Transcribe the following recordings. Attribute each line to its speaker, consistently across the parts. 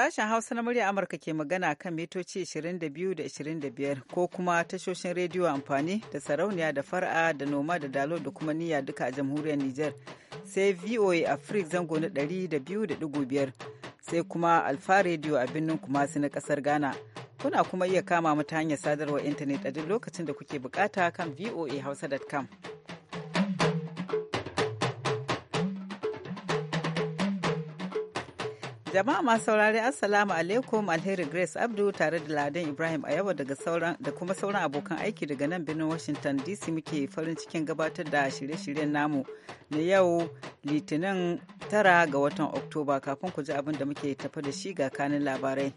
Speaker 1: Sashen Hausa na murya Amurka ke magana kan mitoci 22 da 25 ko kuma tashoshin rediyo amfani da sarauniya da fara da noma da dalo da kuma niyya duka a jamhuriyar Nijar. Sai VOA Africa zango na 200.5 sai kuma Alfa rediyo a birnin Kumasi na kasar Ghana. Kuna kuma iya kama mu hanyar sadarwar intanet a duk lokacin da kuke bukata kan voahausa.com. Jama'a masu saurari Assalamu alaikum Alheri Grace Abdu tare da Ladan Ibrahim a yawa daga da kuma sauran abokan aiki daga nan birnin Washington DC muke farin cikin gabatar da shirye-shiryen namu na yau Litinin tara ga watan Oktoba kafin ku ji abin da muke tafi da shi ga kanin labarai.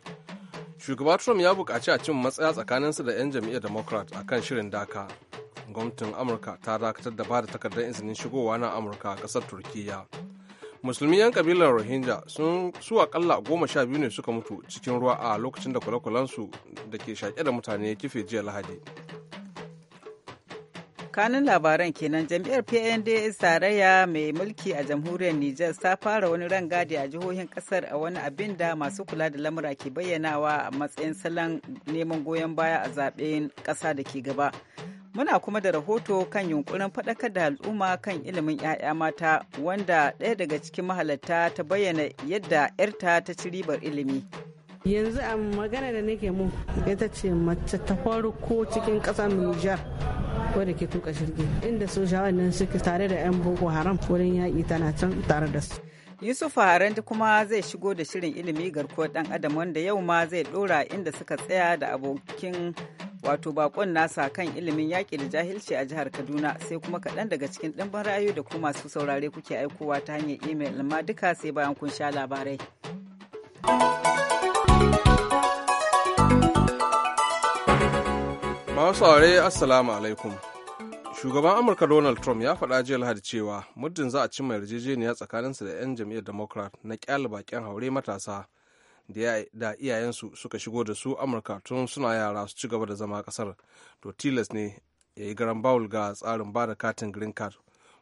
Speaker 2: Shugaba Trump ya buƙaci a cin matsaya tsakaninsu da 'yan jam'iyyar Democrat a kan shirin daka. Gwamnatin Amurka ta dakatar da ba da takardar izinin shigowa na Amurka a ƙasar Turkiyya. musulmi yan kabilar rohingya sun su akalla goma sha biyu ne suka mutu cikin ruwa a lokacin da kwale-kwalensu da ke shaƙe da mutane kife jiya lahadi
Speaker 1: kanun labaran kenan jam'iyyar pnd tsaraya mai mulki a jamhuriyar niger ta fara wani rangadi a jihohin kasar a wani abin da masu kula da lamura ke bayyanawa a matsayin salon neman goyon baya a zaben kasa da ke gaba Muna kuma da rahoto kan yunkurin faɗakar da al'umma kan ilimin 'ya'ya mata wanda ɗaya daga cikin mahalarta ta bayyana yadda 'yarta ta ci ribar ilimi.
Speaker 3: yanzu a magana da nake mu ita ce mace ta farko cikin ƙasar Nijar wadda ke tuka shirgi inda sojawan nan suke tare da 'yan boko haram wurin yaƙi tana can tare da su
Speaker 1: Yusuf haranti kuma zai shigo da shirin ilimi garkuwar Dan adam wanda yau ma zai ɗora inda suka tsaya da abokin wato bakon nasa kan ilimin yaƙi da jahilci a jihar kaduna sai kuma kaɗan daga cikin ɗimbin ra'ayoyi da kuma masu saurare kuke aikowa ta hanyar imel amma duka sai bayan kun sha labarai
Speaker 2: masu aure assalamu alaikum shugaban amurka donald trump ya faɗa jiya lahadi cewa muddin za a cimma yarjejeniya tsakaninsa da 'yan jam'iyyar democrat na kyale bakin haure matasa da iyayensu suka shigo da su amurka tun suna yara su ci gaba da zama kasar to tilas ne ya yi garan bawul ga tsarin ba da katin green card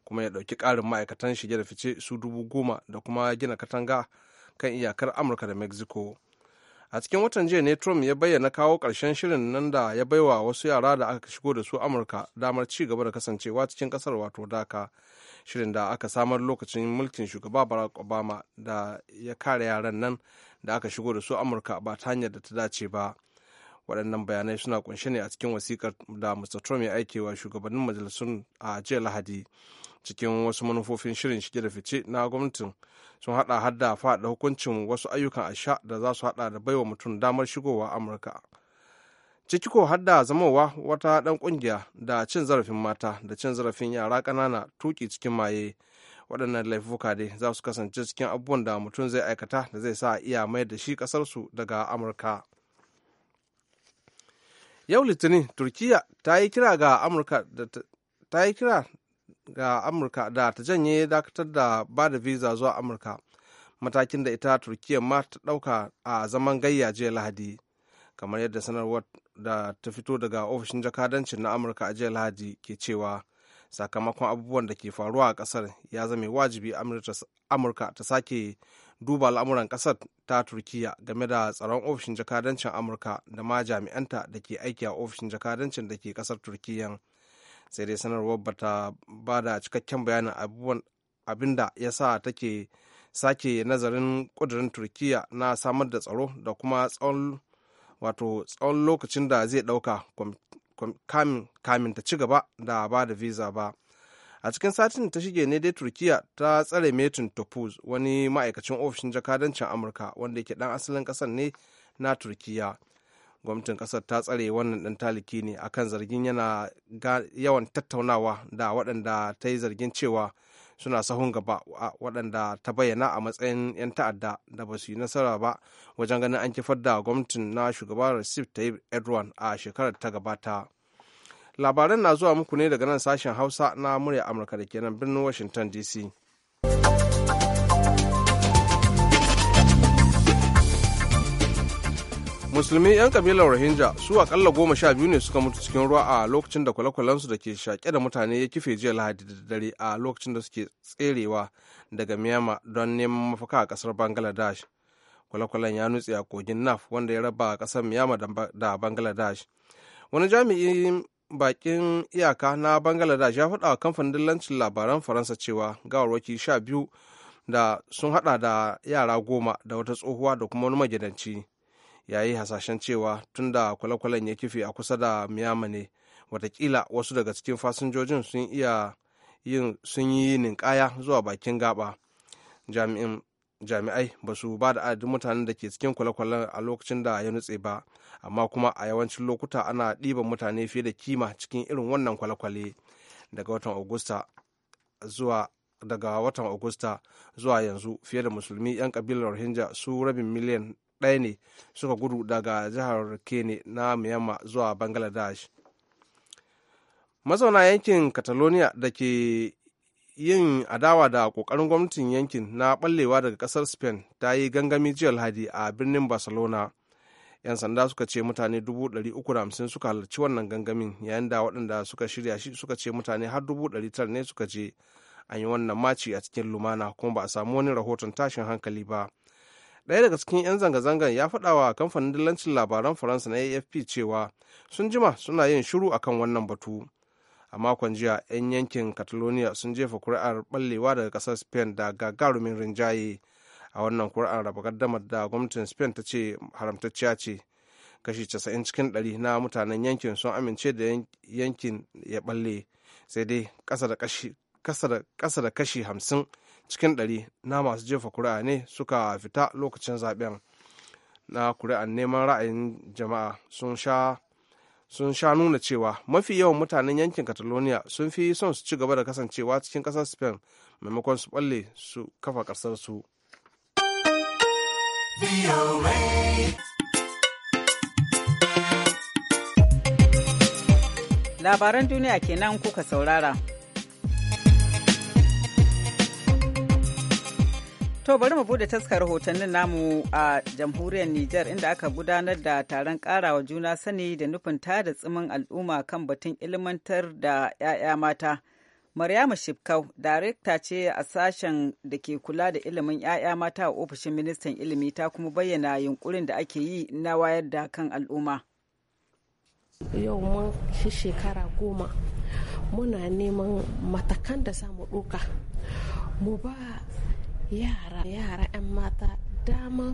Speaker 2: kuma ya ɗauki karin ma'aikatan shige da fice su dubu goma da kuma gina katanga kan iyakar amurka da mexico a cikin watan jiya ne trump ya bayyana kawo ƙarshen shirin nan da ya baiwa wasu yara da aka shigo da su amurka damar ci gaba da kasancewa cikin ƙasar wato daka shirin da aka samar lokacin mulkin shugaba barack obama da ya kare yaran nan da aka shigo da su amurka ba ta hanyar da ta dace ba waɗannan bayanai suna kunshe ne a cikin wasikar da mr trump ya aike wa shugabannin majalisun a jiya lahadi cikin wasu manufofin shirin shige da fice na gwamnatin sun hada hadda faɗa hukuncin wasu ayyukan asha da za su hada da baiwa mutum damar shigowa amurka ciki har da zamowa wata ɗan ƙungiya da cin zarafin mata da cin zarafin yara ƙanana tuki cikin maye waɗannan laifuka dai za su kasance cikin abubuwan da mutum zai aikata da zai sa iya mai da shi ƙasarsu daga amurka yau litinin turkiya ta yi kira ga amurka da ta yi kira ga amurka da ta janye dakatar da ba da visa zuwa amurka matakin da ita turkiya ma ta ɗauka a zaman gayya jiya lahadi kamar yadda sanarwar da ta fito daga ofishin jakadancin na amurka a jiya lahadi ke cewa sakamakon abubuwan da ke faruwa a kasar ya zame wajibi amurka ta sake duba al'amuran kasar ta turkiya game da tsaron ofishin jakadancin amurka da ma jami'anta da ke aiki a ofishin jakadancin da ke kasar turkiyya sai dai sanarwar ba ta ba da cikakken bayanin abubuwan abin da ya sa take sake nazarin kudurin turkiya na samar da tsaro da kuma tsawon wato tsawon lokacin da zai ɗauka kamin ta ci gaba da ba da visa ba a cikin satin ta shige ne dai turkiya ta tsare metin topuz wani ma'aikacin ofishin jakadancin amurka wanda yake dan asalin kasar ne na turkiya gwamnatin kasar ta tsare wannan dan taliki ne akan zargin yana yawan tattaunawa da waɗanda ta yi zargin cewa suna sahun gaba waɗanda ta bayyana a matsayin 'yan ta'adda da ba su yi nasara ba wajen ganin an kifar da gwamnatin na shugaban recep tayyip erdogan a shekarar ta gabata labaran na zuwa muku ne daga nan sashen hausa na murya amurka da kenan birnin washington dc musulmi 'yan kabilar rohingya su akalla goma sha biyu ne suka mutu cikin ruwa a lokacin da kwale-kwalensu da ke shaƙe da mutane ya kife jiya lahadi da dare a lokacin da suke tserewa daga myanmar don neman mafaka a ƙasar bangladesh kwale-kwalen ya nutse a kogin naf wanda ya raba ƙasar myanmar da bangladesh wani jami'in bakin iyaka na bangladesh ya faɗa kamfanin dillancin labaran faransa cewa gawarwaki sha biyu da sun haɗa da yara goma da wata tsohuwa da kuma wani magidanci ya yi hasashen cewa tun da kwale-kwalen ya kife a kusa da miyama ne watakila wasu daga cikin fasinjojin sun iya yin sun yi ninkaya zuwa bakin gaba jami'ai ba su ba da adadin mutanen da ke cikin kwale-kwalen a lokacin da ya nutse ba amma kuma a yawancin lokuta ana ɗiban mutane fiye da kima cikin irin wannan kwale-kwale daga watan augusta zuwa daga watan Agusta zuwa yanzu fiye da musulmi 'yan kabilar Rohingya su rabin miliyan ɗaya ne suka gudu daga jihar kene na myanmar zuwa bangladesh mazauna yankin catalonia da ke yin adawa da ƙoƙarin gwamnatin yankin na ɓallewa daga ƙasar spain ta yi gangami jiya lahadi a birnin barcelona 'yan sanda suka ce mutane 350 suka halarci wannan gangamin yayin da waɗanda suka shirya shi suka ce mutane har 900 ne suka je an yi wannan maci a cikin lumana kuma ba a samu wani rahoton tashin hankali ba ɗaya daga cikin 'yan zanga-zangar ya faɗa wa kamfanin dillancin labaran faransa na afp cewa sun jima suna yin shiru akan wannan batu a makon jiya 'yan yankin catalonia sun jefa kuri'ar ballewa daga ƙasar spain da gagarumin rinjaye a wannan kuri'ar raba gardamar da gwamnatin spain ta ce haramtacciya ce kashi 90 cikin 100 na mutanen yankin sun amince da yankin ya balle sai dai ƙasa da kashi 50 cikin ɗari na masu jefa kuri'a ne suka fita lokacin zaben na kuri'an neman ra'ayin jama'a sun sha sun sha nuna cewa mafi yawan mutanen yankin catalonia sun fi son su ci gaba da kasancewa cikin ƙasar spain maimakon su balle su kafa ƙasar su
Speaker 1: labaran duniya kenan kuka saurara To bari mu bude taskar rahotannin namu a jamhuriyar Nijar inda aka gudanar da taron karawa juna sani da nufin tada tsimin al'umma kan batun ilmantar da 'ya'ya mata. Maryama Shifkau, darekta ce a sashen da ke kula da ilimin 'ya'ya mata a ofishin ministan ilimi ta kuma bayyana yunkurin da ake yi na wayar da kan al'umma.
Speaker 4: Yau mun shekara goma muna neman matakan da za mu ɗoka. Mu ba yara yara 'yan mata dama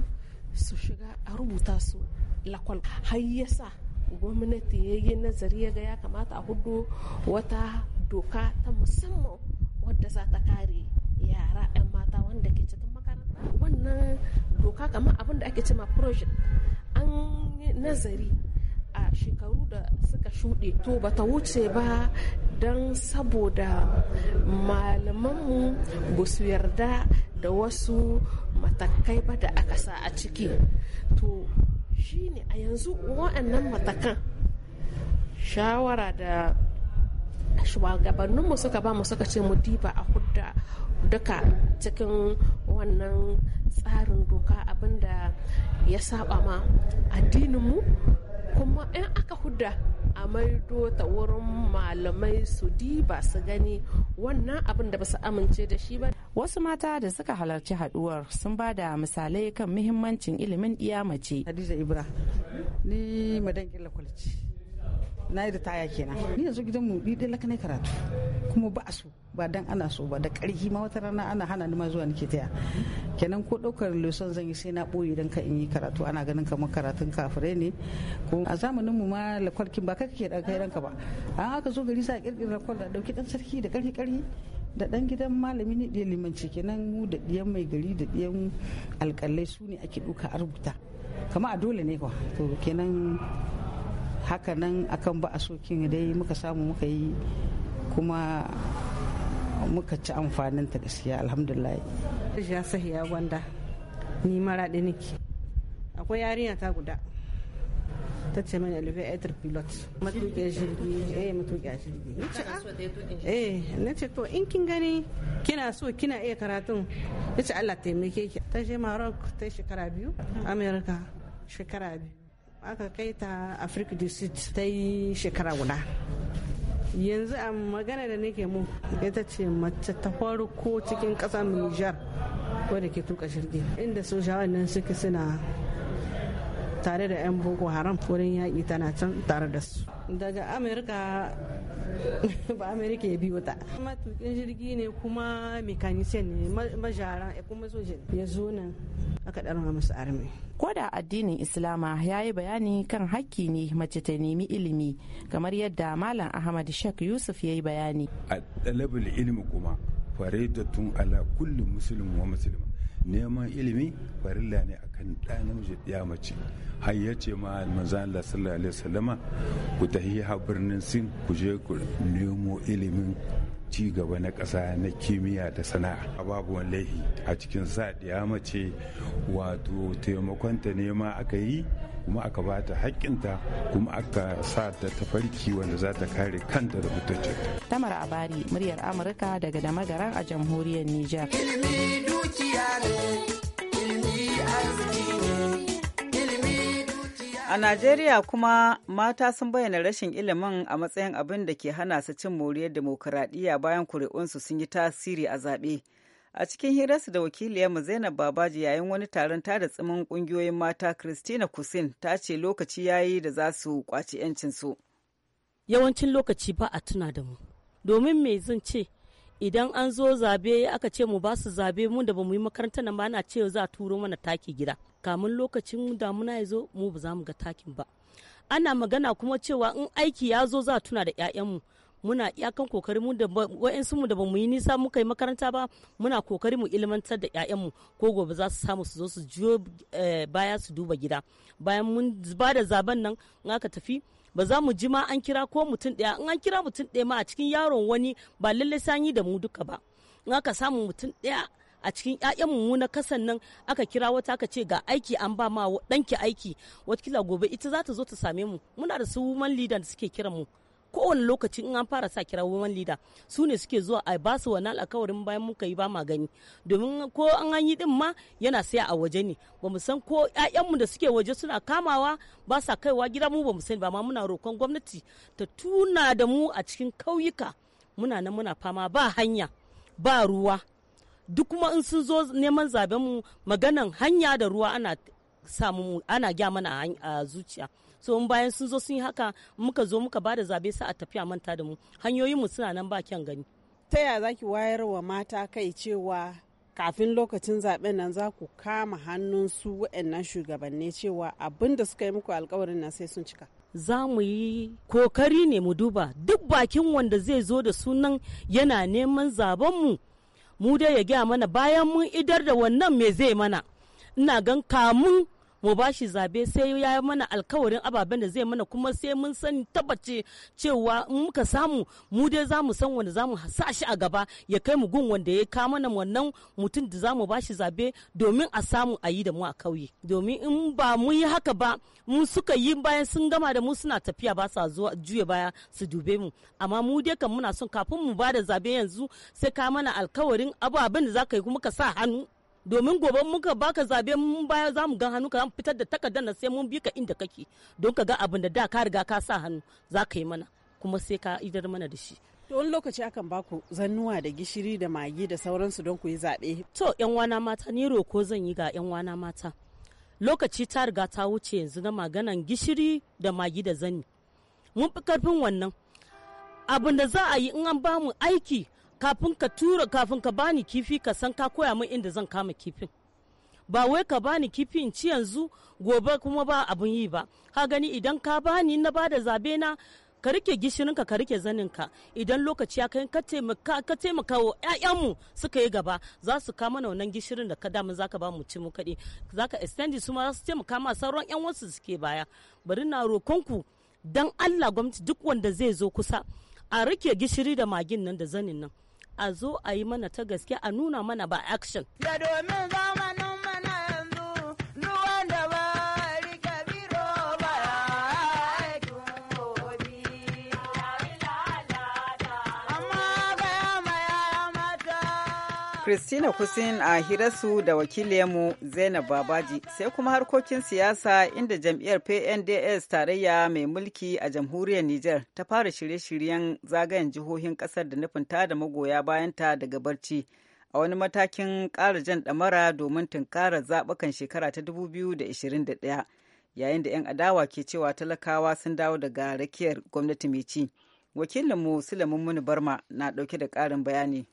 Speaker 4: su shiga a rubuta su lakwal har yasa gwamnati ya yi nazari ya ga ya kamata a hudu wata doka ta musamman wadda za ta kare yara 'yan mata wanda ke cikin makaranta wannan doka kamar abin da ake cema project an yi nazari a shekaru da suka shuɗe to ba ta wuce ba don saboda malamanmu ba su yarda da wasu matakai ba da aka sa a ciki to shine a yanzu waɗannan matakan shawara da shugabanninmu suka ba mu suka ce mu diba a hudda duka cikin wannan tsarin doka abinda ya saba ma addininmu kuma in aka huda a maido ta wurin malamai su di ba su gani wannan abin da ba su amince da shi ba
Speaker 1: wasu mata da suka halarci haduwar sun ba da misalai kan muhimmancin ilimin iya mace hadiza ibra
Speaker 4: ni madan gilla kwalci
Speaker 1: na yi da taya kenan ni yanzu gidan mu ni dai laka karatu kuma ba a so ba dan ana so ba da karfi ma wata rana ana hana ni ma zuwa nake taya kenan ko ɗaukar lesson
Speaker 3: zan yi sai na boye dan ka in yi karatu ana ganin kamar karatun kafire ne ko a zamanin mu ma lakwalkin ba kake da kai ranka ba an aka zo gari sa kirkirar kwal da dauki dan sarki da karfi karfi
Speaker 1: da dan gidan malami ne da limanci kenan mu da diyan mai gari da diyan alƙalai su ne ake duka a rubuta kama a dole ne kwa to kenan haka nan akan ba a sokin dai muka samu muka yi kuma muka ci amfanin ta gaskiya alhamdulillah
Speaker 3: ya sahi ya gwanda ni mara da niki akwai yarinya ta guda ta ce mani elevator pilot matuƙe jirgi eh matuƙe jirgi ah, eh na ce to in kin gani kina so kina iya karatun ya ce Allah taimake ki ta je Maroc ta shekara biyu America shekara biyu aka kai ta Africa du ta yi shekara guda yanzu a magana da nake mu ita ce mace ta farko cikin kasa nijar wadda ke tuka jirgi inda sojawan nan suke suna tare da 'yan boko haram wurin yaƙi tana can tare da su daga amurka ba amurka ya biyo ta matukin jirgi ne kuma mekanisiyan ne ya eh, kuma soja ya zo nan aka ɗarma musu armi. Koda addinin Islama ya yi bayani kan hakki ne mace ta nemi ilimi kamar yadda Malam Ahmad Sheikh Yusuf ya yi bayani.
Speaker 5: A ɗalibul ilimi kuma tun ala kulli musulun wa musulma neman ilimi farilla ne akan ɗa namiji ya mace har ya ce ma manzo Allah sallallahu alaihi wasallama ku tahiha birnin sin ku je ku nemo ilimin ci gaba na ƙasa na kimiyya da sana'a babu babuwan laifi a cikin ya mace wato taimakonta ne ma aka yi kuma aka ba ta haƙƙinta kuma aka sa ta tafarki wanda za ta kare kanta da mutunci
Speaker 4: tamar Abari, muryar Amurka
Speaker 1: daga da magaran a jamhuriyar niger. A Najeriya kuma mata sun bayyana rashin ilimin a matsayin abin da ke hana su cin moriyar demokuraɗiyya bayan kuri'unsu sun yi tasiri a zaɓe. A cikin hirarsu da wakiliyarmu Zainab Babaji yayin wani taron ta da tsimin ƙungiyoyin mata Christina Kusin ta ce lokaci ya yi da za su kwaci
Speaker 6: 'yancinsu. Yawancin lokaci ba a tuna da mu. Domin me zan ce idan an zo zabe aka ce mu ba su zabe mu da ba mu yi makaranta nan ba na ce za a turo mana taki gida. kamun lokacin damuna ya zo mu ba za mu ga takin ba ana magana kuma cewa in aiki ya zo za tuna da 'ya'yanmu muna iyakan kokari mu da wa'ansu mu da ba mu yi nisa muka yi makaranta ba muna kokari mu ilmantar da 'ya'yanmu ko gobe za su samu su zo su jiyo eh, baya su duba gida bayan mun ba da zaben nan in aka tafi ba za mu ji ma an kira ko mutum ɗaya in an kira mutum ɗaya ma a cikin yaron wani ba lallai sanyi da mu duka ba in aka samu mutum daya. a cikin 'ya'yanmu mu na kasan nan aka kira wata aka ce ga aiki an ba ma danki aiki watakila gobe ita za ta zo ta same mu muna da su woman leader da suke kiran mu kowane lokaci in an fara sa kira woman leader su ne suke zuwa a ba su wani alkawarin bayan muka yi ba ma gani domin ko an yi din ma yana saya a waje ne ba mu san ko ya'yanmu da suke waje suna kamawa ba sa kaiwa gida mu ba mu sani ba ma muna roƙon gwamnati ta tuna da mu a cikin kauyuka muna nan muna fama ba hanya ba ruwa duk kuma in sun zo neman zaben mu maganan hanya da ruwa ana samu ana gya mana a zuciya so in bayan sun zo sun yi haka muka zo muka bada zabe sa a tafiya manta da mu hanyoyin mu suna nan ba kyan gani ta ya zaki wayar wa mata kai cewa kafin lokacin zaben nan za ku kama hannun su waɗannan shugabanni cewa abin da suka yi muku alkawarin nan sai sun cika za mu yi kokari ne mu duba duk bakin wanda zai zo da sunan yana neman zaben mu. mu dai ya gaya mana bayan mun idar da wannan me zai mana ina gan kamun mu ba shi zabe sai ya mana alkawarin ababen da zai mana kuma sai mun sani tabbace cewa muka samu mu dai za mu san wanda za mu sa shi a gaba ya kai mu gun wanda ya ka mana wannan mutum da za mu ba shi zabe domin a samu a yi da mu a kauye domin in ba mu yi haka ba mu suka yi bayan sun gama da mu suna tafiya ba sa zuwa juya baya su dube mu amma mu dai kan muna son kafin mu ba da zabe yanzu sai ka mana alkawarin ababen da za ka yi kuma ka sa hannu domin gobe muka baka zabe mun baya za mu gan hannu ka fitar da takardar na sai mun bi ka inda kake don ka ga abin da da ka riga ka sa hannu za ka yi mana kuma sai ka idar mana da shi to wani lokaci akan baku zannuwa da gishiri da magi da sauransu don ku yi zabe to yan wana mata ni roko zan yi ga yan wana mata lokaci ta riga ta wuce yanzu na maganan gishiri da magi da zani mun fi karfin wannan abin da za a yi in an bamu aiki kafin ka tura kafin ka bani kifi ka san ka koya min inda zan kama kifin ba wai ka bani kifi in ci yanzu gobe kuma ba abun yi ba ka gani idan ka bani na bada zabe na ka rike gishirinka ka rike zaninka idan lokaci ya kai ka taimaka wa ƴaƴanmu suka yi gaba za su kama mana wannan gishirin da ka damu za ka ba mu ci mu kaɗe za ka extendi su ma za su taimaka ma sauran 'yan wasu suke baya bari na rokonku dan allah gwamnati duk wanda zai zo kusa a rike gishiri da magin nan da zanin nan a zo a yi mana ta gaske a nuna mana ba action.
Speaker 1: Da domin zamanin Christina Kusin a hirarsu da wakilinmu Zainab Babaji sai kuma harkokin siyasa inda jam'iyyar PNDS tarayya mai mulki a jamhuriyar Nijar ta fara shirye-shiryen zagayen jihohin kasar da nufin da magoya bayanta daga barci a wani matakin ƙara jan ɗamara domin tunkarar zaɓukan shekara ta 2021 yayin da 'yan adawa ke cewa talakawa sun dawo daga rakiyar gwamnati mai ci. Wakilinmu Sulaiman Muni Barma na ɗauke da ƙarin bayani.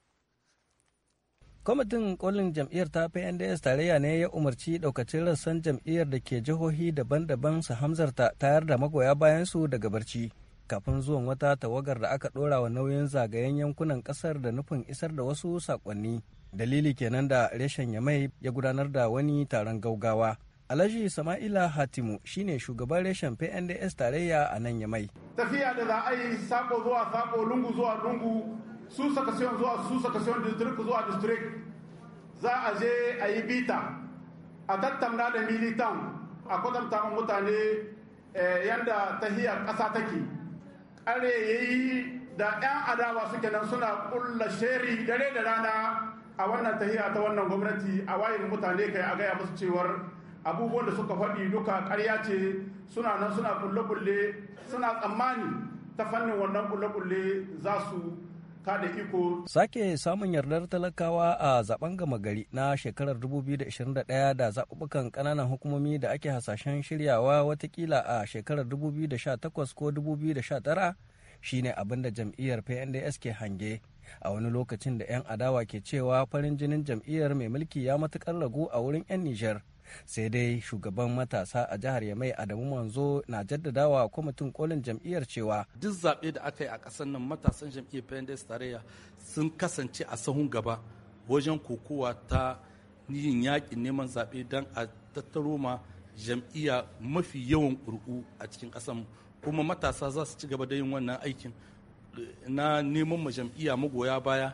Speaker 7: kwamitin kolin jam'iyyar ta pnds tarayya ne ya umarci daukacin rassan jam'iyyar da ke jihohi daban-daban su hamzarta tayar da magoya bayansu daga barci kafin zuwan wata tawagar da aka ɗora wa nauyin zagayen yankunan ƙasar da nufin isar da wasu sakonni dalili kenan da reshen yamai ya gudanar da wani taron gaugawa alhaji sama'ila hatimu shine shugaban reshen pnds tarayya a nan yamai
Speaker 8: tafiya da za a yi sako zuwa sako lungu zuwa lungu su sakasiyon zuwa su sakasiyon district zuwa district za a je a yi bita a tattauna da militan a kwatanta mutane eh, yadda tahiya ƙasa take ƙare ya yi da 'yan adawa suke nan suna ƙulla sheri dare da rana a wannan tahiya ta wannan gwamnati a wayin mutane kai a gaya musu cewar abubuwan da suka faɗi duka ƙarya ce suna nan suna ƙulle-ƙulle suna tsammani ta fannin wannan ƙulle-ƙulle za su kada iko.
Speaker 7: Sake samun yardar talakawa a zaben gama gari na shekarar 2021 da zaɓuɓɓukan ƙananan hukumomi da ake hasashen shiryawa watakila a shekarar 2018 ko 2019 shine abin da jam'iyyar PNDS ke hange. A wani lokacin da 'yan adawa ke cewa farin jinin jam'iyyar mai mulki ya matukar ragu a wurin 'yan Nijar. sai dai shugaban matasa a jihar yamai adamu manzo na jaddadawa kwamitin kolin jam'iyyar
Speaker 8: cewa duk zaɓe da aka yi a ƙasar nan matasan jam'iyyar pendes tarayya sun kasance a sahun gaba wajen kokowa ta yin yaƙin neman zaɓe don a tattaro ma jam'iyya mafi yawan ƙuri'u a cikin ƙasar kuma matasa za su ci gaba da yin wannan aikin eh, na neman ma jam'iyya magoya baya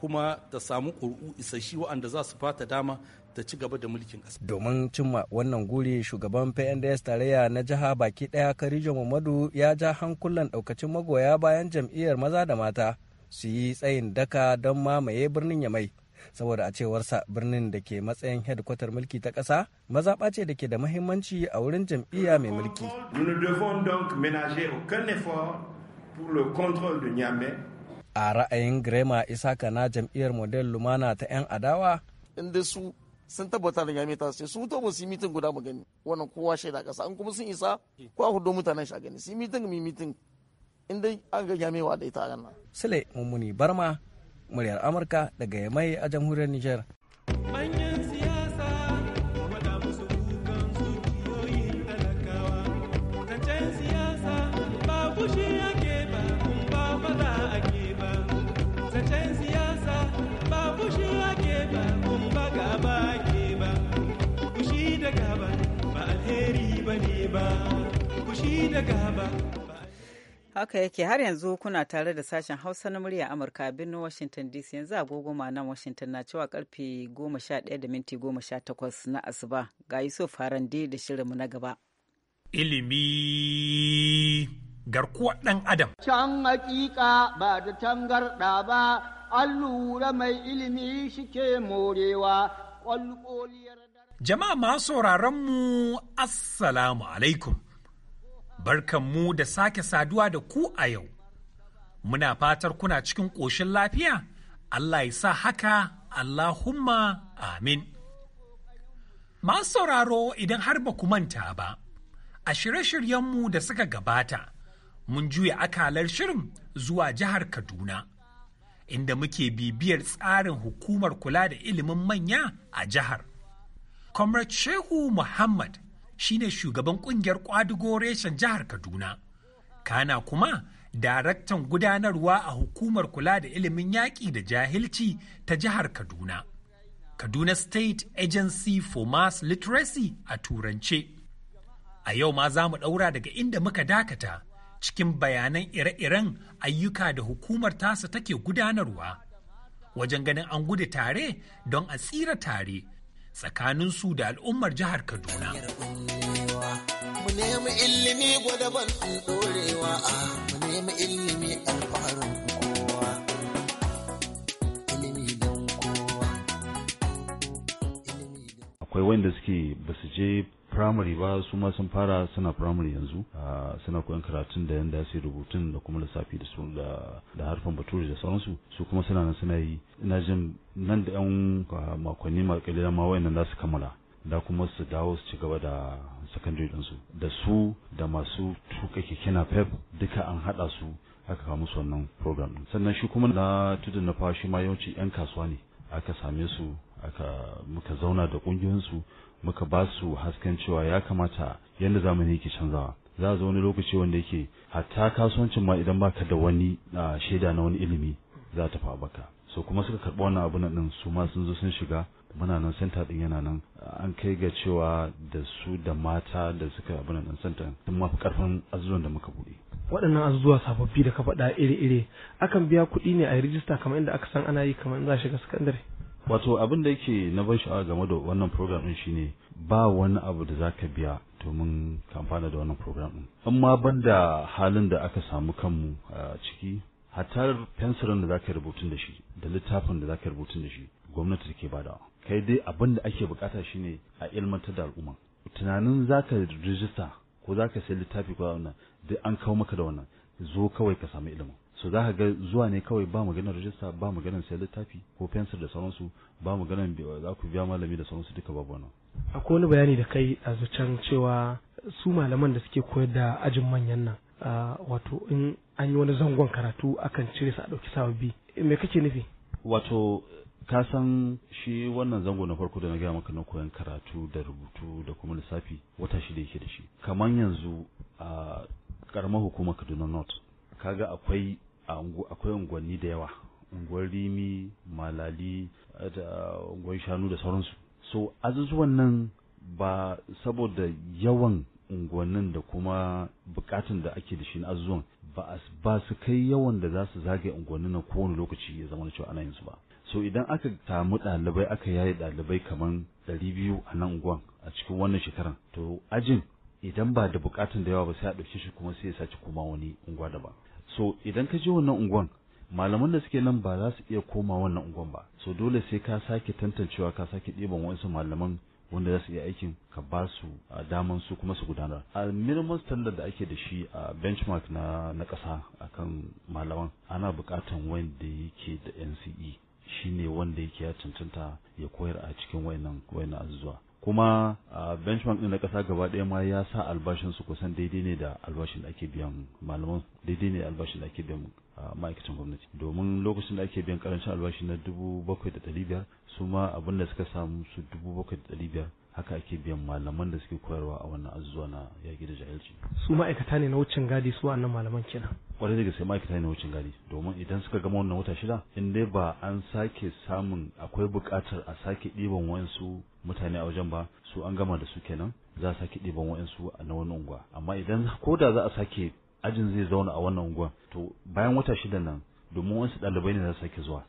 Speaker 8: kuma ta samu ƙuri'u isasshi waɗanda za su fata dama ta ci gaba da mulkin ƙasa.
Speaker 7: Domin cimma wannan guri shugaban PNDS tarayya na jiha baki ɗaya Karijo mamadu ya ja hankulan ɗaukacin magoya bayan jam'iyyar maza da mata su yi tsayin daka don mamaye birnin Yamai. saboda a cewarsa birnin da ke matsayin hedkwatar mulki ta kasa maza ce da ke da mahimmanci a wurin jam'iyya mai mulki. A ra'ayin Grema Isaka na jam'iyyar Model Lumana ta 'yan adawa.
Speaker 6: Inda sun tabbata da ya ta sai su to mu su mitin guda mu gani wannan kowa shaida kasa an kuma sun isa ko a hudo mutanen shi a gani su mitin mi mitin in dai an ga yamewa da ita a nan
Speaker 7: sule mummuni barma muryar amurka daga yamai a jamhuriyar niger
Speaker 1: haka yake har yanzu kuna tare da sashen hausa na murya amurka a birnin washington dc yanzu agogo nan washington na cewa karfe 11 da minti 18 na asuba ga yusuf harande da shirinmu na gaba
Speaker 5: ilimi garkuwa dan adam
Speaker 9: can hakika ba da tangarda ba allura mai ilimi shi ke morewa kwalkoliyar
Speaker 5: jama'a ma sauraron mu assalamu alaikum Barkan mu da sake saduwa da ku a yau. Muna fatar kuna cikin ƙoshin lafiya, Allah ya sa haka Allahumma amin. Masu sauraro idan har ba ku manta ba, a shirye-shiryenmu da suka gabata, mun juya akalar shirin zuwa jihar Kaduna, inda muke bibiyar tsarin hukumar kula da ilimin manya a jihar. Comrade Shehu Muhammad shine shugaban kungiyar kwadugo reshen jihar Kaduna. Kana kuma daraktan gudanarwa a hukumar kula da ilimin yaƙi da jahilci ta jihar Kaduna. Kaduna State Agency for Mass Literacy a Turance. A yau ma za mu ɗaura daga inda muka dakata cikin bayanan ire-iren ayyuka da hukumar tasa take gudanarwa. Wajen ganin an gudu tare don a tsira tare tsakanin su da al'ummar jihar Kaduna.
Speaker 9: Mu nemi ilimi ban ɗorewa, mu nemi ilimi a
Speaker 8: akwai wanda suke ba su je primary ba su ma sun fara suna primary yanzu ah, suna koyon karatun da yanda sai rubutun da kuma lissafi da su da harfan bature da sauransu su kuma suna nan suna yi ina jin nan da yan ah, makonni ma kalilan ma wayannan za su kammala da kuma su dawo su ci gaba da secondary ɗansu. da su da masu tuka kekena pep duka an haɗa su aka kawo musu wannan program sannan shi kuma na tudun na fashi ma yawanci 'yan kasuwa ne aka same su aka muka zauna da su muka ba su hasken cewa ya kamata yadda zamani yake canzawa za a zo wani lokaci wanda yake hatta kasuwancin ma idan baka da wani shaida na wani ilimi za ta fa baka so kuma suka karɓi wannan abu na su ma sun zo sun shiga muna nan senta ɗin yana nan an kai ga cewa da su da mata da suka abu na ɗin senta sun mafi ƙarfin azuzuwan da muka buɗe. waɗannan azuzuwa sababbi da ka faɗa iri-iri akan biya kuɗi ne a yi rijista kamar inda aka san ana yi kamar za a shiga sakandare. wato abin da yake na ban sha'awa game da wannan program din shine ba wani abu da zaka biya domin kamfana da wannan program din amma ban da halin da aka samu kanmu a ciki hatta fensirin da zaka rubutun da shi da littafin da zaka rubutun da shi gwamnati take badawa kai dai abin da ake bukata shine a ilmantar da al'umma tunanin zaka rijista ko zaka sai littafi ko wannan duk an kawo maka da wannan zo kawai ka samu ilimin su za ka ga zuwa ne kawai ba maganar rajista ba maganar sai littafi ko fensir da sauransu ba maganar za ku biya malami da sauransu duka babu wannan akwai wani bayani da kai a zucan cewa su malaman da suke koyar da ajin manyan nan wato in an yi wani zangon karatu akan cire su a ɗauki sababbi me kake nufi wato ka san shi wannan zango na farko da na gaya maka na koyan karatu da rubutu da kuma lissafi wata shi da yake da shi kamar yanzu a karamar hukumar kaduna north kaga akwai akwai unguwanni da yawa unguwar rimi malali da unguwar shanu da sauransu so azuzuwan nan ba saboda yawan unguwannin da kuma bukatun da ake da shi na azuzuwan ba su kai yawan da za su zagaye unguwannin na kowane lokaci ya zama cewa ana yin su ba so idan aka samu ɗalibai aka yaye dalibai kamar ɗari biyu a nan unguwan a cikin wannan shekaran to ajin idan ba da bukatun da yawa ba sai a ɗauke shi kuma sai ya sace kuma wani unguwa daban so idan ka je wannan unguwan malaman da suke nan ba za su iya koma wannan unguwan ba so dole sai ka sake tantancewa ka sake ɗiban wasu malaman wanda za su iya aikin ka ba su a daman su kuma su gudanar a minimum standard da ake da shi a benchmark na na ƙasa akan malaman ana buƙatan wanda yake da NCE shine wanda yake ya cancanta ya koyar a cikin wayannan wayannan azuzuwa kuma a benchmark ɗin na ƙasa gaba ɗaya ma ya sa albashin su kusan daidai ne da albashin da ake biyan malaman daidai ne albashin da ake biyan ma'aikacin gwamnati domin lokacin da ake biyan karancin albashi na dubu bakwai da ɗari biyar su ma abin da suka samu su dubu bakwai da ɗari biyar haka ake biyan malaman da suke koyarwa a wannan azuwa na yaki da jahilci su ma'aikata ne na wucin gadi su wannan malaman kenan kwarai da gaske ma'aikata ne na wucin gadi domin idan suka gama wannan wata shida in dai ba an sake samun akwai buƙatar a sake ɗiban wayansu mutane a wajen ba su an gama da su kenan za a sake ɗiban wayansu na wani unguwa amma idan ko da za a sake ajin zai zauna a wannan unguwa to bayan wata shida nan domin wasu ɗalibai ne za su sake zuwa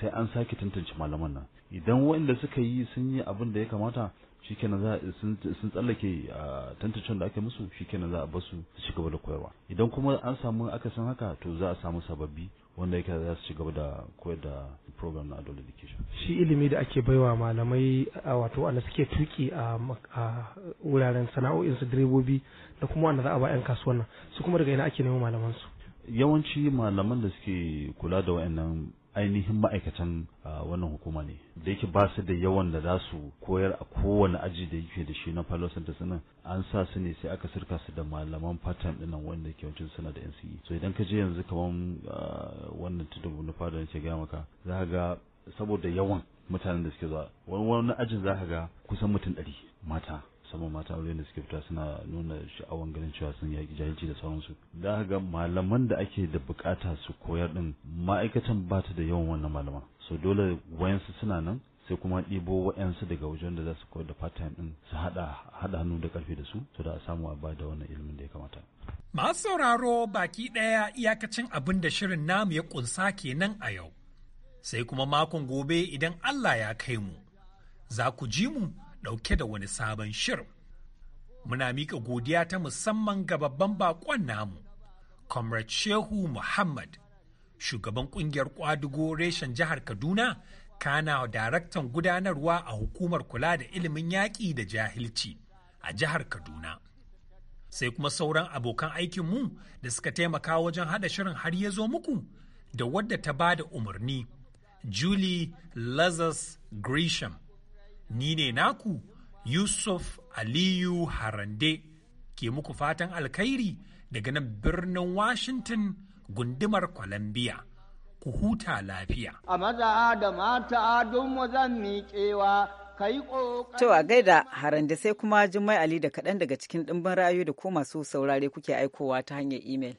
Speaker 8: sai an sake tantance malaman nan idan waɗanda suka yi sun yi abin da ya kamata shikenan za sun tsallake a da aka musu shi kenan za a basu su ci gaba da koyarwa idan kuma an samu aka haka to za a samu sababbi wanda yake za su ci gaba da koyar da program na adult education shi ilimi da ake baiwa malamai wato wanda suke tuki a wuraren sana'o'in su direbobi da kuma wanda za a ba 'yan kasuwan nan su kuma daga ina ake neman malaman su yawanci malaman da suke kula da wayannan ainihin ma'aikatan wannan hukuma ne da yake ba su da yawan da za su koyar a kowane aji da yake da shi na fellow centers suna an sa su ne sai aka sirka su da malaman fatan dinnan wanda ke wancin suna da NCE so idan ka je yanzu kamar wannan tudu na fada nake gaya maka za ka ga saboda yawan mutanen da suke zuwa wani ajin za ka ga kusan mutum ɗari mata sama mata aure da suke fita suna nuna sha'awar ganin cewa sun yaƙi jahilci da sauransu da ga malaman da ake da bukata su koyar din ma'aikatan ba ta da yawan wannan malaman so dole wayansu suna nan sai kuma ɗibo wayansu daga wajen da za su koyar da part time ɗin su haɗa haɗa hannu da ƙarfi da su so da a samu a ba da wannan ilimin da ya kamata.
Speaker 5: Masu sauraro baki ɗaya iyakacin abin da shirin namu ya ƙunsa kenan a yau. Sai kuma makon gobe idan Allah ya kai mu. Za ku ji mu Dauke da wani sabon shirin. Muna mika godiya ta musamman ga babban bakon namu, Comrade Shehu Muhammad, shugaban Kungiyar kwadugo reshen jihar Kaduna, kana daraktan gudanarwa a hukumar kula da ilimin yaƙi da jahilci a jihar Kaduna. Sai kuma sauran abokan aikinmu da suka taimaka wajen haɗa shirin har ya zo muku da wadda ta ba da umarni, Julie Lazarus Grisham. ni ne naku Yusuf Aliyu Harande ke muku fatan alkhairi daga nan birnin Washington gundumar Columbia. Ku huta lafiya.
Speaker 9: A maza
Speaker 1: da
Speaker 7: mata don zan miƙewa To a
Speaker 1: gaida harande sai kuma Jummai Ali da kaɗan daga cikin ɗimbin rayu da ko masu saurare kuke aikowa ta hanyar imel.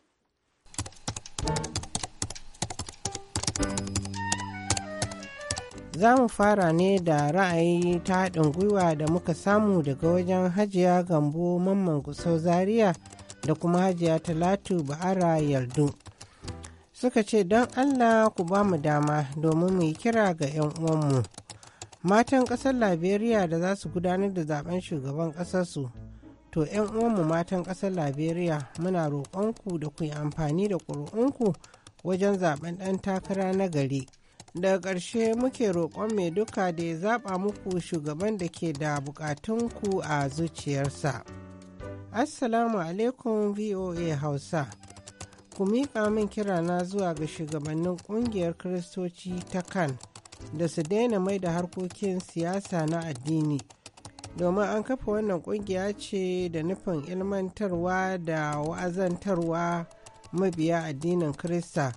Speaker 9: za mu fara ne da ra'ayi ta haɗin gwiwa da muka samu daga wajen hajiya gambo mamman gusau zaria da kuma hajiya talatu ba'ara yardu suka ce don allah ku ba mu dama domin mu yi kira ga 'yan uwanmu matan ƙasar liberia da za su gudanar da zaben shugaban ƙasarsu to 'yan uwanmu matan ƙasar liberia muna roƙonku da ku yi amfani da ƙuri'unku wajen zaben ɗan takara na gari daga ƙarshe muke roƙon mai duka da ya zaɓa muku shugaban da ke da ku a zuciyarsa assalamu alaikum voa hausa ku miƙa min kirana zuwa ga shugabannin ƙungiyar kiristoci ta kan da su daina mai da harkokin siyasa na addini domin an kafa wannan ƙungiya ce da nufin ilmantarwa da wa'azantarwa mabiya addinin kirista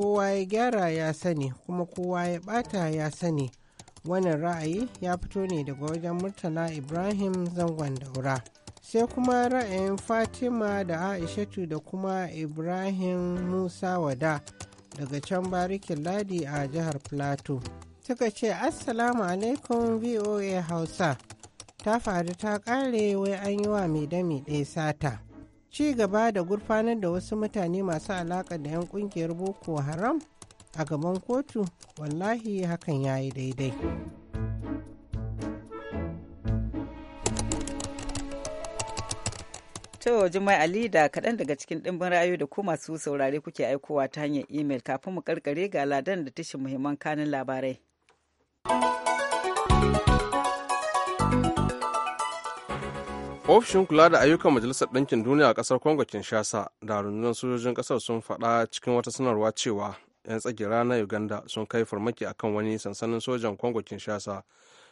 Speaker 9: kowa ya gyara ya sani kuma kowa ya bata ya sani wannan ra'ayi ya fito ne daga wajen murtala ibrahim zangon daura sai kuma ra'ayin fatima da aishatu da kuma ibrahim musa wada daga can barikin ladi a jihar plateau suka ce assalamu alaikum voa hausa ta faru ta kare wai an yi wa mai dami ɗaya sata ci gaba da gurfanar da wasu mutane masu alaka da 'yan ƙungiyar boko haram a gaban kotu wallahi hakan ya yi daidai
Speaker 1: To jimai Ali da kaɗan daga cikin ɗimbin rayu da ku masu saurare kuke aikowa ta hanyar imel kafin mu karkare ga ladan da tashin muhimman kanin labarai.
Speaker 2: ofishin kula da ayyukan majalisar ɗinkin duniya a ƙasar congo kinshasa da rundunar sojojin ƙasar sun faɗa cikin wata sanarwa cewa 'yan tsagira na uganda sun kai farmaki akan wani sansanin sojan congo kinshasa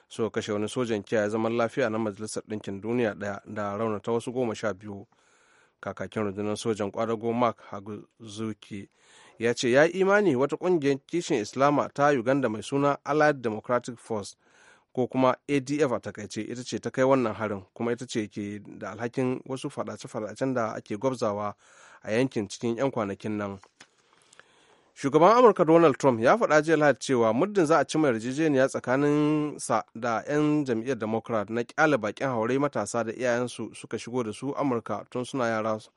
Speaker 2: suka kashe wani sojan kiyaye zaman lafiya na majalisar ɗinkin duniya ɗaya da raunata wasu goma sha biyu kakakin rundunar sojan kwadago mark haguzuki ya ce ya imani wata ƙungiyar kishin islama ta uganda mai suna allied democratic force ko kuma adf a takaice ita ce ta kai wannan harin kuma ita ce ke da alhakin wasu fadace-fadacen da ake gwabzawa a yankin cikin 'yan kwanakin nan shugaban amurka donald trump ya faɗa jiya lahadi cewa muddin za a cima yarjejeniya tsakanin sa da 'yan jam'iyyar democrat na kyale bakin haure matasa da iyayensu suka shigo da su amurka tun suna yara su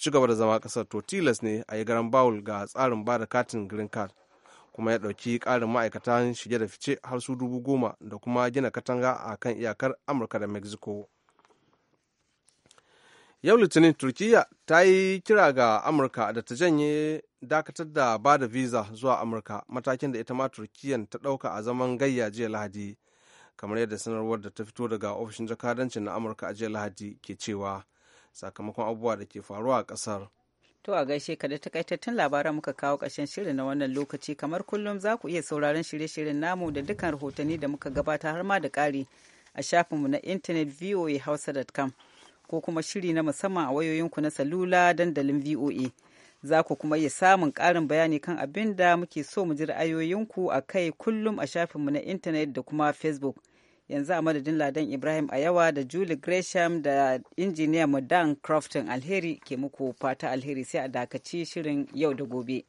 Speaker 2: ci gaba da zama kasar to tilas ne a yi garan bawul ga tsarin bada katin green card kuma ya ɗauki ƙarin ma'aikatan shige da fice har su dubu goma da kuma gina katanga a kan iyakar amurka da mexico yau litinin turkiyya ta yi kira ga amurka da ta janye dakatar da ba da visa zuwa amurka matakin da ita ma turkiyya ta ɗauka a zaman gayya jiya lahadi kamar yadda sanarwar da ta fito daga ofishin jakadancin na amurka a jiya lahadi ke cewa sakamakon abubuwa da ke faruwa a ƙasar To a
Speaker 1: gaishe ka da takaitattun labaran muka kawo ƙarshen shirin na wannan lokaci kamar kullum za ku iya sauraron shirye-shiryen namu da dukkan rahotanni da muka gabata har ma da ƙari a shafinmu na intanet voahausa.com ko kuma shiri na musamman a wayoyin ku na salula dandalin VOA. Za ku kuma iya samun ƙarin bayani kan abin da muke so mu ji ra'ayoyinku a kai kullum a shafinmu na intanet da kuma Facebook. yanzu a madadin ladan ibrahim ayawa da julie gresham da injiniya mu dan crofton alheri ke muku fata alheri sai a dakaci shirin yau da gobe.